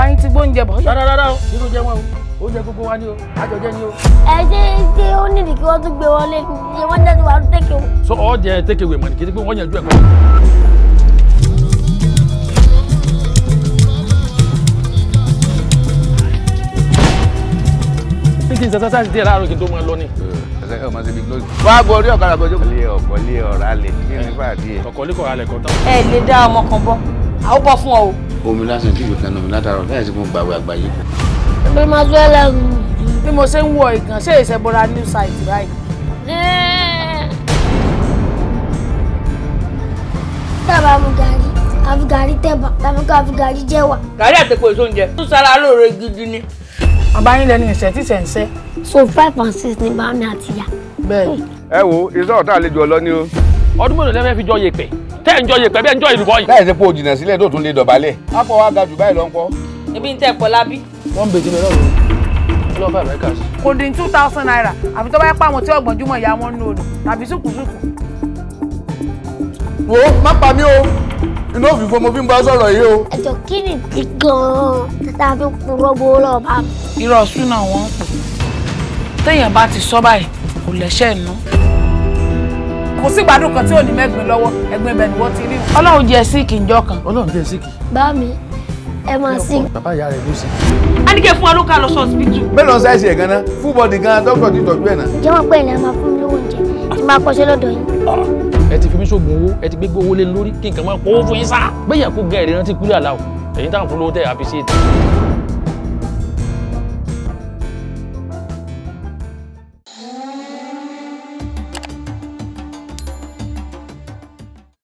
bàbá yín ti gbóúnjẹ bọ̀. rárá rárá o irú jẹ wọn o oúnjẹ gbogbo wa ni o àjọjẹ ni o. ẹ ṣe ṣe ó nídìí kí wọ́n tún gbé wọlé ṣe wọ́n jẹ́ tiwa tẹ́kẹ̀ o. so ọ jẹ tẹ́kẹ̀ wẹ̀ mọ̀nì kìí pé wọ́n yànjú ẹ̀ kọ́. kí n ṣe sẹ́sáìsì díẹ̀ láàárọ̀ kí n tó mọ ẹ lọ ni ẹ ọmọ síbi lóyún. wá gbọ́ orí ọ̀kadà bọ́jú. ilé ọ̀kọ́ lé ọ̀rá lè kí ní fàdí ẹ̀. ọ̀kọ́ lé kọ̀ọ̀rá lẹ̀ kọ́ tán. ẹ lè dá ọmọ kan bọ́ àwọn bọ́ fún ọ o omi lásán tí ìwé kan nà mí látara láì sí mo gbàwé àgbáyé. ẹgbẹ́ máa tún ẹlẹ́rù. bí mo ṣe ń wọ ìgàn ṣé ìṣẹ́bọra new site báyìí. tábà mu gàrí àfi gàrí tẹ̀bà tàbí kó àfi gàrí jẹ́wà. gàrí àtẹ̀pọ̀ èso oúnjẹ tó sára lóore gidi ni. bàbá yín lẹni ìṣẹ́ tí sẹ̀ǹsẹ́. so five and six ni bàmí àti ìyá. bẹ́ẹ̀. ẹ wo iṣẹ́ ọ̀tá àlejò ọlọ́ni o ọdún mélòó lẹ́fẹ̀ẹ́ fi jọ yèpẹ̀ tẹ́ ẹ̀ ń jọ yèpẹ̀ bẹ́ẹ̀ ń jọ ìlúbọ yìí. láì ṣe pé o jìnnà sílẹ̀ tó tún lè dọ̀bálẹ̀. apọ̀ wa ga jù báyìí lọ ń kọ́. ebi ń tẹ̀ pọ̀ lábí. wọ́n ń bèjì mi lọ́rùn fà mẹ́kà sí. kò dín two thousand naira àfi tó bá yẹ pa àwọn tí ọgbọ̀n júmọ̀ ìyá wọn ń lò tàbí sùkùsùkù. wo má pa mí o inú òfin fún mo fi ń bá sọ̀rọ̀ yìí o. ẹ̀jọ̀ kí ni ti gan-an títà fi purọ́ gbowó lọ́ọ́ bá mi. irọ́ sùn náà wọ́n ń kò sí gbádùn kan tí ò ní mẹ́gbin lọ́wọ́ ẹ̀gbin ibẹ̀ ni wọ́n ti rí wọn. ọlọ́run jẹ́ síìkì ńjọ kan. ọlọ́run jẹ́ síìkì. bá mi ẹ máa sí. bàbá ìyá rẹ̀ ló sí. a ní kí ẹ fún wa ló ká lọ sí ọsibítù. mélòó ṣáìsì ẹ̀ gan-an fún bọ́ọ̀dì gan-an dókítà ti tọ́jú ẹ̀ náà. ǹjẹ́ wọ́n pẹ́ a máa fún mi lówó oúnjẹ tí máa kọ́ṣẹ́ lọ́dọ̀ yín. ẹ ti fi mí ṣoògùn owó ẹ ti gbégbé owó lé lórí kí nǹkan máa kó fún yín sá. gbẹ̀yàn kó gan ẹ̀rí rántí kúlẹ̀ àlá o ẹ̀yin táwọn fún lówó